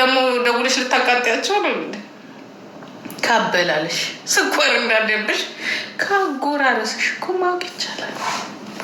ደግሞ ደውለሽ ልታቃጥያቸው ነው። ካበላለሽ ስኳር እንዳለብሽ ካጎራረስሽ እኮ ማወቅ ይቻላል።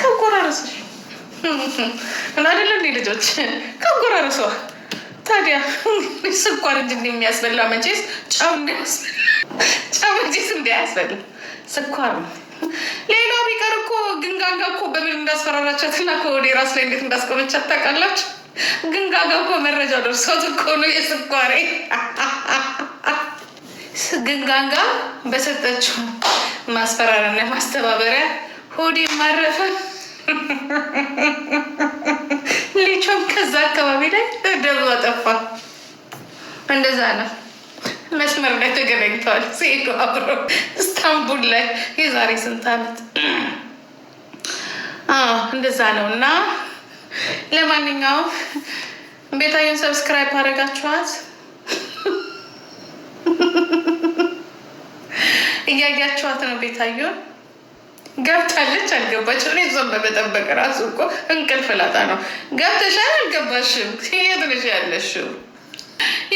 ካጎራረስሽ እና አደለ እንዴ ልጆች ካጎራረሷ ታዲያ ስኳር እንጂ እንደሚያስበላ መቼስ ጫው ጫው መቼስ እንዳያስበላ ስኳር ነው። ሌላ ቢቀር እኮ ግንጋንጋ እኮ በምን እንዳስፈራራቻትና እኮ ከወዴ ራስ ላይ እንዴት እንዳስቆመቻት ታውቃላችሁ? ግን ጋጋ እኮ መረጃ ደርሶት እኮ ነው የስኳሬ ግን በሰጠችው ማስፈራሪያና ማስተባበሪያ ሆዴ ማረፈ። ልጆም ከዛ አካባቢ ላይ ደብሎ ጠፋ። እንደዛ ነው። መስመር ላይ ተገናኝተዋል። ሴዱ አብሮ እስታንቡል ላይ የዛሬ ስንት ዓመት እንደዛ ነው እና ለማንኛውም ቤታየን ሰብስክራይብ አደረጋችኋት እያያችኋት ነው። ቤታየን ገብታለች አልገባች። እኔ እሷን በመጠበቅ ራሱ እኮ እንቅልፍ ላጣ ነው። ገብተሻል አልገባሽም? የት ነሽ ያለሽው?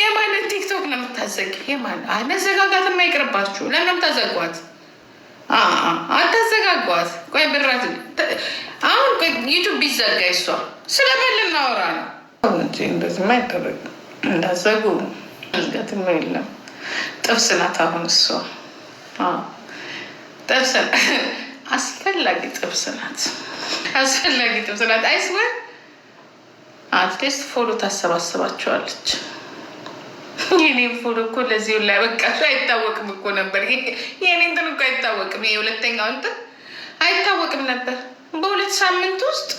የማንን ቲክቶክ ነው የምታዘግ? የማን አለዘጋጋት የማይቅርባችሁ ለምን የምታዘጓት? አታዘጋጓት። ቆይ ብራት አሁን ዩቱብ ቢዘጋ ይሷ ስለምን እናወራ ነው? እንደዚህማ አይደረግ እንዳዘጉ መዝጋትም የለም። ጥብስ ናት አሁን እሷ ጥብስ አስፈላጊ ጥብስ ናት። አስፈላጊ ጥብስ ናት። አይስወ አትሊስት ፎሎ ታሰባስባቸዋለች። የኔን ፎሎ እኮ ለዚህ ላይ በቃ አይታወቅም እኮ ነበር። የኔ እንትን እኮ አይታወቅም። የሁለተኛው እንትን አይታወቅም ነበር በሁለት ሳምንት ውስጥ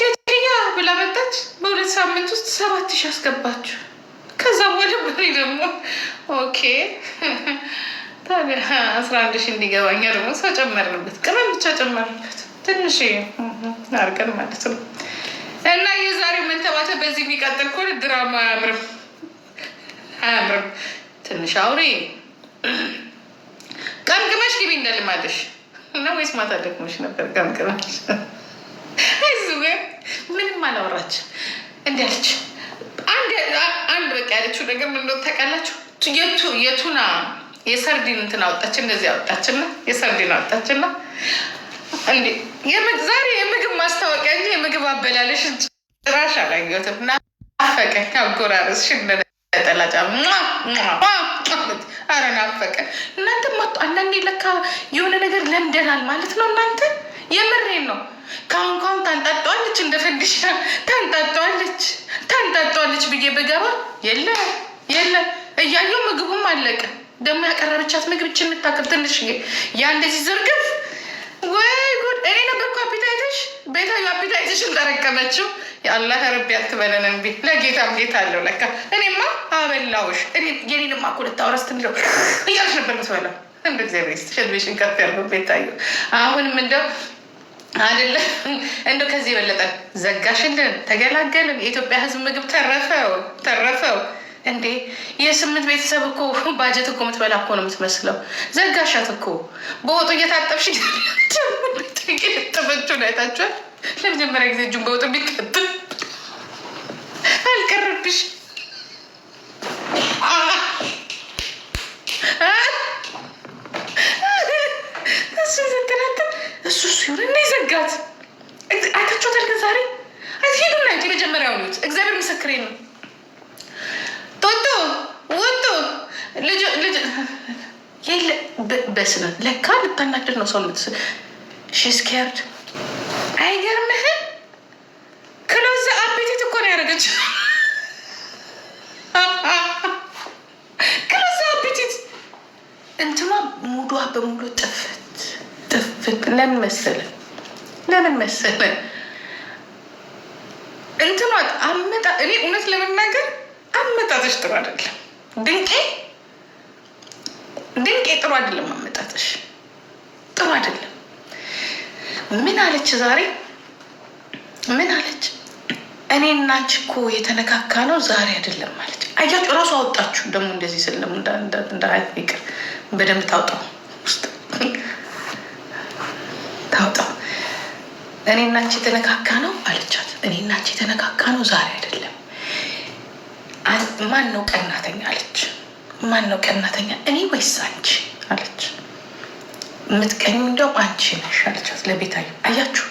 ጀጅያ ብላ መጣች። በሁለት ሳምንት ውስጥ ሰባት ሺ አስገባችሁ። ከዛ ወደ በሬ ደግሞ ኦኬ ታዲያ አስራ አንድ ሺ እንዲገባኝ ደግሞ ሰው ጨመርንበት፣ ቅመም ብቻ ጨመርንበት ትንሽ አርገን ማለት ነው። እና የዛሬው መንተባተብ በዚህ የሚቀጥል ከሆነ ድራማ አያምርም አያምርም። ትንሽ አውሪ ቀምቅመሽ ግቢ እንደልማለሽ እና ወይስ ማታ ደክሞሽ ነበር? ቀምቅመሽ እሱ ግን ምንም አላወራች እንዲያለች አንድ በቃ ያለችው ነገር ምን እንደሆነ ታውቃላችሁ? የቱና የሰርዲን እንትን አወጣች፣ እንደዚህ አወጣችና የሰርዲን አወጣችና ዛሬ የምግብ ማስታወቂያ እንጂ የምግብ አበላለሽ ጭራሽ አላየሁትም። ናፈቀኝ አጎራረስሽ ነጠላ ጫማ ኧረ ናፈቀ። እናንተ መጡ። አንዳንዴ ለካ የሆነ ነገር ለምደናል ማለት ነው። እናንተ የምሬን ነው። ካሁን ካሁን ታንጣጠዋለች፣ እንደ ፈንዲሻ ታንጣጠዋለች፣ ታንጣጣዋለች ብዬ ብገባ የለ የለ እያየው ምግቡም አለቀ። ደግሞ ያቀረበቻት ምግብ ችን የምታክል ትንሽ ያ እንደዚህ ዝርግፍ ወይ ጉድ! እኔ ነበርኩ አፒታይትሽ። ቤታዩ አፒታይትሽን ጠረቀመችው። የአላህ ረቢ አትበለን እንቢ። ለጌታም ጌታ አለው ለካ። እኔማ አበላውሽ። የኔንማ እኮ ልታወራስ ትንለው እያልሽ ነበር ምትበላው። እንደ እግዚአብሔር ስትሸልቤሽን ከፍ ያለው ቤታዩ። አሁንም እንደው አይደለም እንደው ከዚህ የበለጠ ዘጋሽልን፣ ተገላገልን። የኢትዮጵያ ሕዝብ ምግብ ተረፈው ተረፈው። እንዴ የስምንት ቤተሰብ እኮ ባጀት እኮ የምትበላ እኮ ነው የምትመስለው። ዘጋሻት እኮ በወጡ እየታጠብሽ ጥበችውን አይታችኋል። ለመጀመሪያ ጊዜ እጁን በወጡ የሚቀጥል አልቀረብሽ እሱ ዘገናትን እሱ እሱ ይሁን እና ይዘጋት አይታችኋታል። ግን ዛሬ አይሄዱና የመጀመሪያ ሆኑት እግዚአብሔር ምስክሬ ነው። በስመ አብ ለካ ልታናድድ ነው ሰው ልትስ ሽስኬርድ ክሎዝ እኮ ነው ያደረገች። ክሎዝ እንትኗ ሙዷ በሙሉ ጥፍት ጥፍት። ለምን መሰለ ለምን መሰለ እንትኗ አመጣ እኔ እውነት ለመናገር አመጣተች ጥሩ አይደለም ድንቄ ድንቄ ጥሩ አይደለም አመጣጥሽ፣ ጥሩ አይደለም። ምን አለች ዛሬ? ምን አለች? እኔ እና እኮ የተነካካ ነው ዛሬ አይደለም አለች። አያችሁ፣ እራሱ አወጣችሁ። ደግሞ እንደዚህ ስለም ደግሞ በደንብ ታውጣው ውስጥ ታውጣው። እኔ እና የተነካካ ነው አለቻት። እኔ እና የተነካካ ነው ዛሬ አይደለም። ማን ነው ቀናተኛ አለች ማን ነው ቀናተኛ እኔ ወይስ አንቺ አለች። የምትቀኙ እንደውም አንቺ ነሽ አለቻት ለቤታዬ። አያችሁ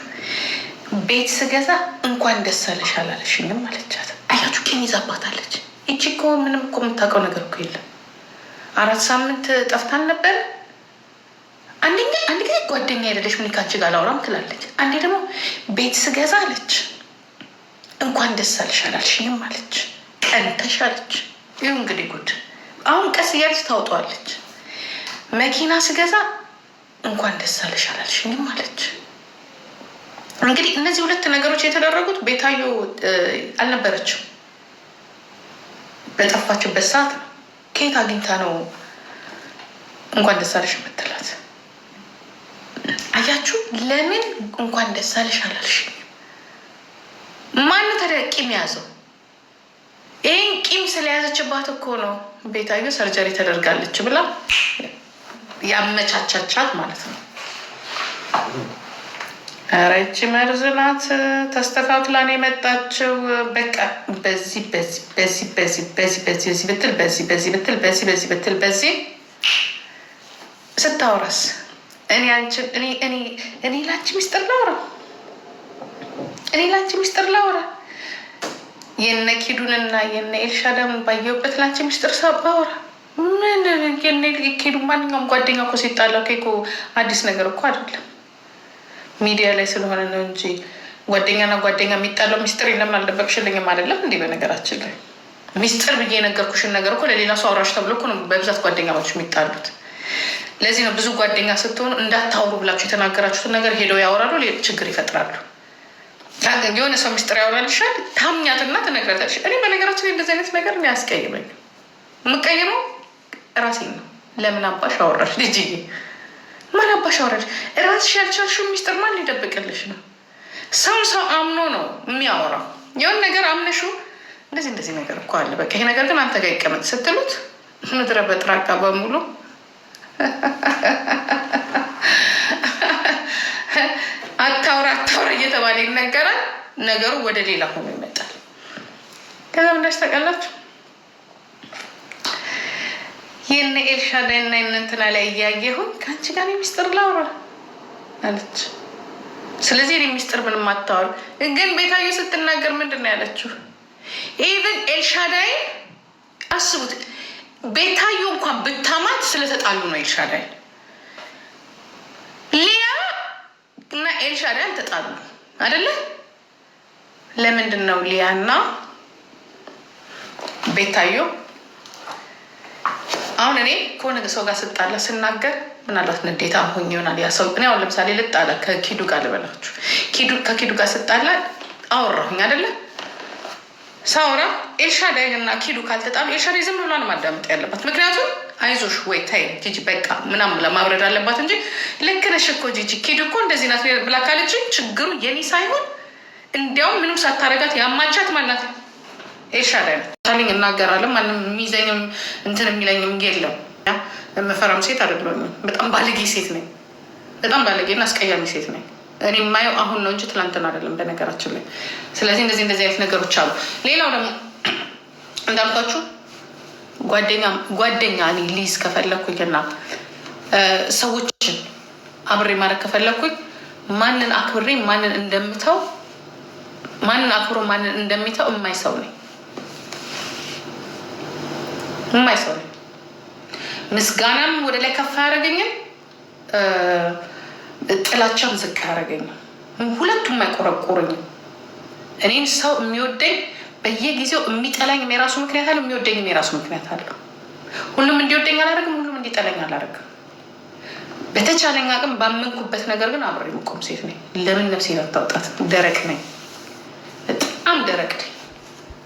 ቤት ስገዛ እንኳን ደስ አለሽ አላለሽኝም አለቻት። አያችሁ ቂም ይዛባታለች። ይቺ እኮ ምንም እኮ የምታውቀው ነገር እኮ የለም። አራት ሳምንት ጠፍታን ነበረ። አንደኛ አንድ ጊዜ ጓደኛ አይደለሽ ምን ካንቺ ጋር ላውራም ትላለች። አንዴ ደግሞ ቤት ስገዛ አለች እንኳን ደስ አለሽ አላለሽኝም አለች። ቀንተሽ አለች። ይሁ እንግዲህ ጉድ አሁን ቀስ እያለች ታውጠዋለች። መኪና ስገዛ እንኳን ደስ አለሽ አላልሽኝም አለች። እንግዲህ እነዚህ ሁለት ነገሮች የተደረጉት ቤታዮ አልነበረችም። በጠፋችበት ሰዓት ነው። ከየት አግኝታ ነው እንኳን ደስ አለሽ የምትላት? አያችሁ፣ ለምን እንኳን ደስ አለሽ አላልሽኝም? ማነው ተደቂ የሚያዘው? ይህን ቂም ስለያዘችባት እኮ ነው ቤታዩ ሰርጀሪ ተደርጋለች ብላ ያመቻቻቻት ማለት ነው። ረጅ ይቺ መርዝ ናት። ተስተካክላን የመጣችው በቃ በዚህ በዚህ በዚህ በዚህ በዚህ በዚህ ብትል በዚህ በዚህ ብትል በዚህ በዚህ ብትል በዚህ ስታወራስ እኔ አንቺን እኔ እኔ እኔ ላንቺ ሚስጥር ላውራ እኔ ላንቺ ሚስጥር ላውራ የነ ኪዱንና የነ ኤልሻዳን ባየውበት ላንቺ ሚስጥር ሳባወራ ኬዱ ማንኛውም ጓደኛ እኮ ሲጣላው እኮ አዲስ ነገር እኮ አይደለም። ሚዲያ ላይ ስለሆነ ነው እንጂ ጓደኛና ጓደኛ የሚጣለው ሚስጥር የለም። አልደበቅሽልኝም አይደለም እንዲህ በነገራችን ላይ ሚስጥር ብዬ የነገርኩሽን ነገር እኮ ለሌላ ሰው አውራሽ ተብሎ እኮ ነው በብዛት ጓደኛ ባችሁ የሚጣሉት። ለዚህ ነው ብዙ ጓደኛ ስትሆኑ እንዳታውሩ ብላችሁ የተናገራችሁትን ነገር ሄደው ያወራሉ፣ ችግር ይፈጥራሉ። የሆነ ሰው ሚስጥር ያወራልሻል፣ ታምኛትና ትነግራታለሽ። እኔ በነገራችን እንደዚህ አይነት ነገር ያስቀይመኝ የምቀይመው ራሴ ነው። ለምን አባሽ አወራሽ ልጅ? ማን አባሽ አወራሽ? ራስሽ ያልቻልሽው ሚስጥር ማን ሊደብቅልሽ ነው? ሰውን ሰው አምኖ ነው የሚያወራው። የሆን ነገር አምነሹ እንደዚህ እንደዚህ ነገር እኮ አለ፣ በቃ ይሄ ነገር ግን አንተ ጋር ይቀመጥ ስትሉት ምድረ በጥራቃ በሙሉ ነገሩ ወደ ሌላ ሆኖ ይመጣል። ከዛ ምንዳች ታውቃላችሁ ይህን ኤልሻዳይ እና እንትና ላይ እያየሁኝ ከአንቺ ጋር የሚስጥር ላውራ አለች። ስለዚህ እኔ ሚስጥር ምንም አታወሩ። ግን ቤታዬ ስትናገር ምንድን ነው ያለችው? ኢቨን ኤልሻዳይ አስቡት፣ ቤታዩ እንኳን ብታማት ስለተጣሉ ነው ኤልሻዳይ ሊያ እና ኤልሻዳይ አልተጣሉ አይደለ? ለምንድን ነው ሊያና ቤታዮ አሁን እኔ ከሆነ ሰው ጋር ስጣላ ስናገር ምናልባት ንዴታ ሆኝ ይሆናል ያ ሰው እኔ አሁን ለምሳሌ ልጣላ ከኪዱ ጋር ልበላችሁ ከኪዱ ጋር ስጣላ አወራሁኝ አይደለ ሳውራ ኤልሻዳይ እና ኪዱ ካልተጣሉ ኤልሻዳይ ዝም ብሏን ማዳመጥ ያለባት ምክንያቱም አይዞሽ ወይ ታይ ጂጂ በቃ ምናምን ለማብረድ አለባት እንጂ ልክ ነሽ እኮ ጂጂ ኪዱ እኮ እንደዚህ ናት ብላ ካለች ችግሩ የኔ ሳይሆን እንዲያውም ምንም ሳታረጋት ያማቻት ማለት ኤርሻድ አይነት እናገራለን። ማንም የሚይዘኝም እንትን የሚለኝም የለም። መፈራም ሴት አይደለሁም። በጣም ባለጌ ሴት ነኝ። በጣም ባለጌና አስቀያሚ ሴት ነኝ። እኔ የማየው አሁን ነው እንጂ ትላንትን አይደለም፣ በነገራችን ላይ። ስለዚህ እንደዚህ እንደዚህ አይነት ነገሮች አሉ። ሌላው ደግሞ እንዳልኳችሁ ጓደኛ ጓደኛ እኔ ከፈለግኩኝ እና ሰዎችን አብሬ ማድረግ ከፈለግኩኝ ማንን አክብሬ ማንን እንደምተው ማንን አክብሮ ማንን እንደሚተው የማይ ሰው ነኝ የማይ ሰው ነኝ። ምስጋናም ወደ ላይ ከፍ አያደርገኝም፣ ጥላቻም ዝቅ አያደርገኝም። ሁለቱም አይቆረቆረኝም። እኔን ሰው የሚወደኝ በየጊዜው የሚጠላኝ የራሱ ምክንያት አለው፣ የሚወደኝም የራሱ ምክንያት አለው። ሁሉም እንዲወደኝ አላደርግም፣ ሁሉም እንዲጠላኝ አላደርግም። በተቻለኝ አቅም ባመንኩበት ነገር ግን አብሬ የምቆም ሴት ነኝ። ለምን ነፍሴን አታውጣት? ደረቅ ነኝ። በጣም ደረቅ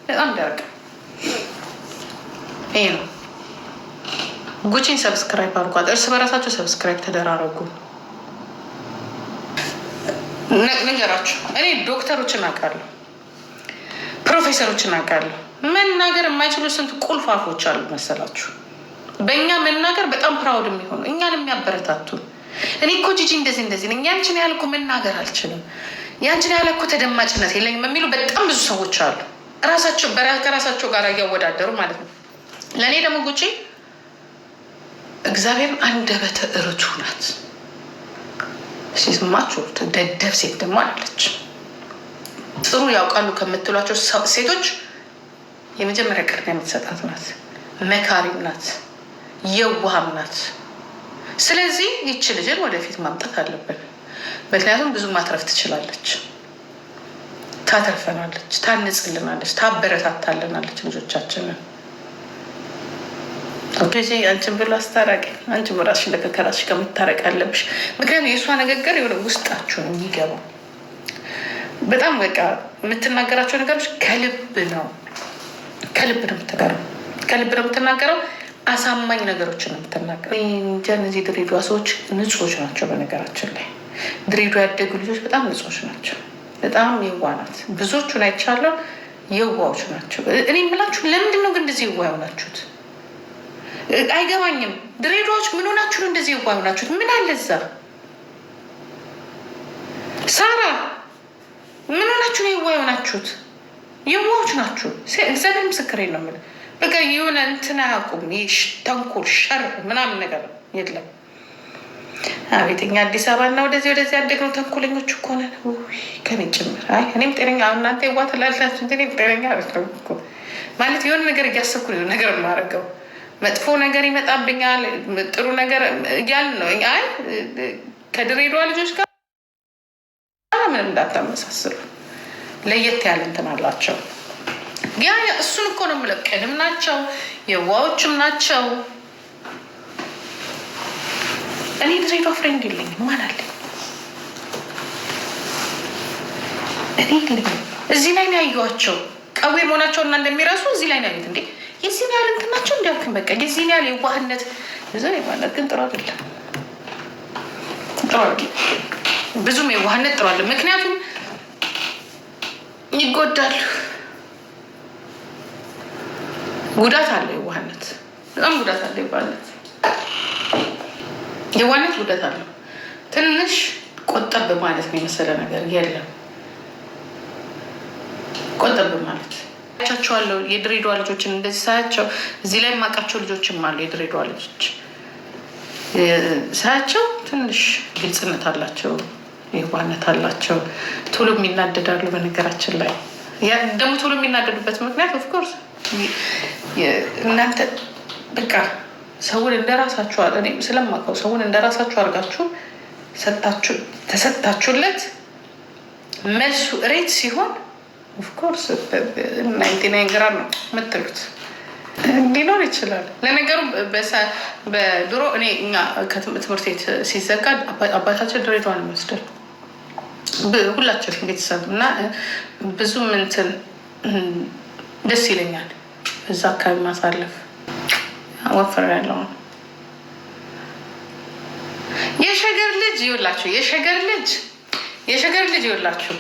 በጣም ደረቅ ይሄ ነው። ጉቺን ሰብስክራይብ አድርጓት። እርስ በራሳቸው ሰብስክራይብ ተደራረጉ። ነገራችሁ እኔ ዶክተሮችን አውቃለሁ፣ ፕሮፌሰሮችን አውቃለሁ። መናገር የማይችሉ ስንት ቁልፋፎች አሉ መሰላችሁ። በእኛ መናገር በጣም ፕራውድ የሚሆኑ እኛን የሚያበረታቱ እኔ እኮ ጂጂ እንደዚህ እንደዚህ ነኝ ያንችን መናገር አልችልም ያንችን ያለኮ ተደማጭነት የለኝም የሚሉ በጣም ብዙ ሰዎች አሉ። ራሳቸው ከራሳቸው ጋር እያወዳደሩ ማለት ነው። ለእኔ ደግሞ ጉጪ እግዚአብሔር አንደበተ ርቱዕ ናት። ሲስማችሁ ደደብ ሴት ደግሞ አለች። ጥሩ ያውቃሉ ከምትሏቸው ሴቶች የመጀመሪያ ቅድሚያ የምትሰጣት ናት። መካሪም ናት፣ የዋሃም ናት። ስለዚህ ይች ልጅን ወደፊት ማምጣት አለብን። ምክንያቱም ብዙ ማትረፍ ትችላለች፣ ታተርፈናለች፣ ታንጽልናለች፣ ታበረታታልናለች ልጆቻችንን። አንቺን ብሎ አስታራቂ አንቺ ራስሽ ከራስሽ ከምታረቅ አለብሽ። ምክንያቱም የእሷ ንግግር የሆነ ውስጣችሁን የሚገባ በጣም በቃ የምትናገራቸው ነገሮች ከልብ ነው ከልብ ነው የምትናገረው ከልብ ነው የምትናገረው አሳማኝ ነገሮችን ነው የምትናገረው። እንጃ እነዚህ ድሬዳዋ ሰዎች ንጹዎች ናቸው በነገራችን ላይ ድሬዳዋ ያደጉ ልጆች በጣም ንጹች ናቸው። በጣም የዋናት ብዙዎቹን አይቻለሁ። የዋዎች ናቸው። እኔ የምላችሁ ለምንድን ነው ግን እንደዚህ የዋ የሆናችሁት? አይገባኝም። ድሬዳዎች ምን ሆናችሁ ነው እንደዚህ የዋ የሆናችሁት? ምን አለ እዛ? ሳራ ምን ሆናችሁ ነው የዋ የሆናችሁት? የዋዎች ናችሁ። እግዚአብሔር ምስክሬ ነው። ምን በቃ የሆነ እንትን አያውቁም። ተንኮል፣ ሸር ምናምን ነገር የለም። አቤት እኛ አዲስ አበባ እና ወደዚህ ወደዚህ ያደግነው ተንኮለኞች እኮ ነን። ከኔ ጭምር አይ እኔም ጤነኛ እናንተ ዋት ላላችሁ እኔም ጤነኛ እኮ ማለት የሆነ ነገር እያሰብኩ ነው ነገር የማደርገው መጥፎ ነገር ይመጣብኛል፣ ጥሩ ነገር እያል ነው። አይ ከድሬዳዋ ልጆች ጋር ምንም እንዳታመሳስሉ፣ ለየት ያለ እንትን አላቸው። ያ እሱን እኮ ነው የምለው። ቅንም ናቸው፣ የዋዎችም ናቸው እኔ ድሬዳዋ ፍሬንድ የለኝም። ማን አለኝ? እኔ የለኝም። እዚህ ላይ ነው ያየኋቸው። ቀዌ እና እንደሚረሱ እዚህ ላይ ነው ያሉት። እንዴ የዚህን ያህል እንትናቸው እንዲያልክም በቃ የዚህን ያህል የዋህነት እዛ ማለት ግን ጥሩ አይደለም፣ ጥሩ አይደለም። ብዙም የዋህነት ጥሩ አይደለም። ምክንያቱም ይጎዳሉ። ጉዳት አለው የዋህነት፣ በጣም ጉዳት አለው የዋህነት የዋነት ውደት አለው። ትንሽ ቆጠብ ማለት ነው የመሰለ ነገር የለም። ቆጠብ ማለት ቻቸዋለሁ። የድሬዳዋ ልጆችን እንደዚህ ሳያቸው እዚህ ላይ የማውቃቸው ልጆችም አሉ። የድሬዳዋ ልጆች ሳያቸው ትንሽ ግልጽነት አላቸው፣ የዋነት አላቸው። ቶሎ የሚናደዳሉ። በነገራችን ላይ ደግሞ ቶሎ የሚናደዱበት ምክንያት ኦፍኮርስ እናንተ በቃ ሰውን እንደራሳችሁ እኔም ስለማውቀው ሰውን እንደራሳችሁ አድርጋችሁ ተሰጥታችሁለት መልሱ ሬት ሲሆን ኦፍኮርስ ናይንቲ ናይን ግራ ነው የምትሉት ሊኖር ይችላል። ለነገሩ በድሮ እኔ እኛ ትምህርት ቤት ሲዘጋ አባታችን ድሬዳዋ ይመስደል የሚወስደን ሁላችን ቤተሰብ እና ብዙ ምንትን ደስ ይለኛል እዛ አካባቢ ማሳለፍ ወፍር የሸገር ልጅ ይውላችሁ፣ የሸገር ልጅ የሸገር ልጅ ይውላችሁ፣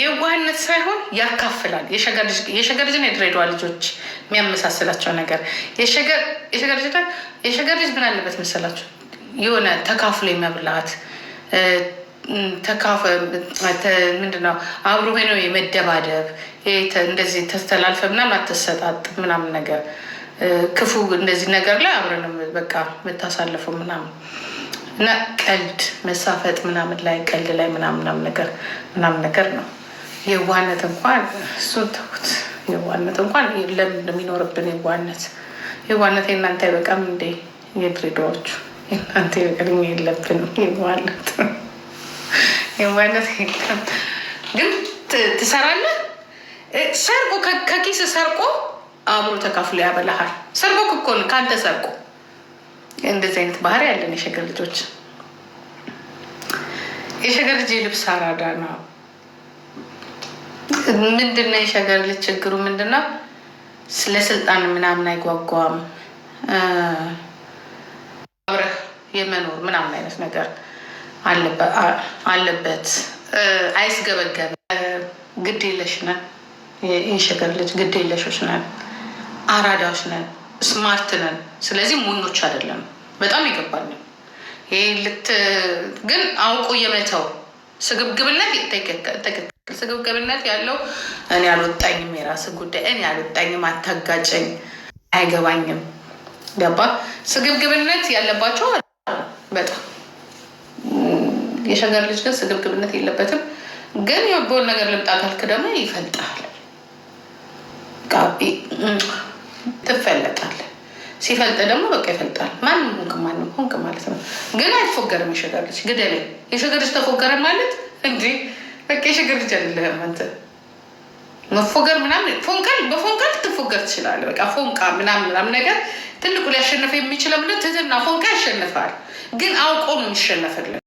የዋህነት ሳይሆን ያካፍላል። የሸገር ልጅ የሸገር ልጅ የድሬዳዋ ልጆች የሚያመሳስላቸው ነገር የሸገር የሸገር ልጅ የሸገር ልጅ ምን አለበት መሰላችሁ? የሆነ ተካፍሎ የመብላት ምንድን ምንድነው አብሮ ሆኖ የመደባደብ እንደዚህ ተስተላልፈ ምናምን አትሰጣጥ ምናምን ነገር ክፉ እንደዚህ ነገር ላይ አብረን በቃ የምታሳልፈው ምናምን እና ቀልድ መሳፈጥ ምናምን ላይ ቀልድ ላይ ምናምናም ነገር ምናምን ነገር ነው። የዋነት እንኳን እሱን ተውት። የዋነት እንኳን ለምን እንደሚኖርብን የዋነት የዋነት የእናንተ አይበቃም እንዴ? የድሬዳዎቹ የእናንተ ቅድሜ የለብንም የዋነት የዋነት የለም። ግን ትሰራለህ ሰርቆ ከኪስ ሰርቆ አብሮ ተካፍሎ ያበላሃል። ሰርጎክ እኮ ነው ከአንተ ሰርቆ። እንደዚህ አይነት ባህሪ ያለን የሸገር ልጆች። የሸገር ልጅ ልብስ አራዳ ነው። ምንድነው የሸገር ልጅ ችግሩ ምንድነው? ስለ ስልጣን ምናምን አይጓጓም። አብረህ የመኖር ምናምን አይነት ነገር አለበት። አይስገበገብ ግድ የለሽ ነን የሸገር ልጅ ግድ የለሾች ነን። አራዳዎች ነን፣ ስማርት ነን። ስለዚህ ሞኞች አይደለም። በጣም ይገባል። ይህ ልት ግን አውቁ የመተው ስግብግብነት ስግብግብነት ያለው እኔ አልወጣኝም፣ የራስ ጉዳይ፣ እኔ አልወጣኝም፣ አታጋጨኝ፣ አይገባኝም። ገባ ስግብግብነት ያለባቸው በጣም የሸገር ልጅ ግን ስግብግብነት የለበትም። ግን የበውን ነገር ልምጣ ካልክ ደግሞ ይፈልጣል። ትፈለጣል። ሲፈልጥ ደግሞ በቃ ይፈልጣል። ማንም ሆንክ ማንም ሆንክ ማለት ነው። ግን አይፎገርም። የሸገር ልጅ ግደለ የሸገር ልጅ ተፎገረ ማለት እንዲ በቃ የሸገር ልጅ አይደለህም አንተ። መፎገር ምናምን ፎንቃል በፎንቃል ትፎገር ትችላለህ። በቃ ፎንቃ ምናምን ምናምን ነገር ትልቁ ሊያሸንፍ የሚችለው ምንድን ትህትና ፎንቃ ያሸንፋል። ግን አውቆ ነው የሚሸነፍልን